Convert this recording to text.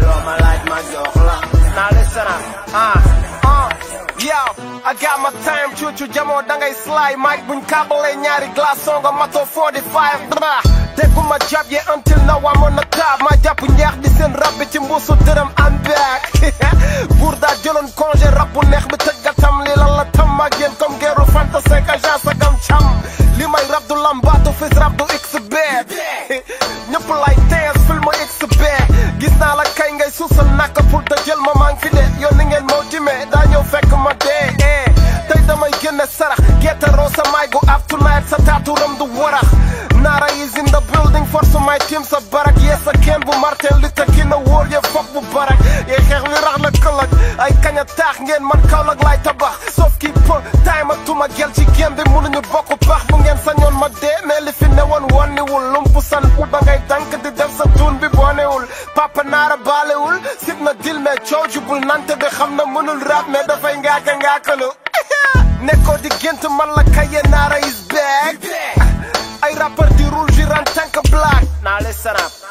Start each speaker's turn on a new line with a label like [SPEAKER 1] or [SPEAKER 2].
[SPEAKER 1] the
[SPEAKER 2] law, my life, my girl. Now listen up, Ah, uh, yo, I got my time, chuchu jamo dangay slide, Mike buñ kabale eh, nyari glass song mato 45, bra. Defu ma job, yeah, until now I'm on the top. My job ñeex di seen rap bi ci mbuusu dërëm, I'm back. Bour daa jëloon congé rap bu neex bi tëj gatam li lan la tam ak yéen comme geeru fanta 5 agent gam cham. Li rap du lambaatu fis rap du XB. ñëpp lay tees film XB. Gis naa ngay suusal naka pour dajal ma fi de ni ngeen fekk ma eh damay sarax tonight sa du is in the building force my team sa barak bu bu barak rax ay a ngeen man Kaolack laay tabax sauf ki time ak tuma gel ci génn bi mënuñu bokk bu ngeen ma mais li fi lumpu san ba ngay di sa bi papa naara baalewul sib na dil mais coow jubul nante bi xam na mënul rap mais dafay ngaaka ngaakalu nekkoo di gént man la kaye naara is back ay rapper
[SPEAKER 3] di roule ji ran tank black naa les sarap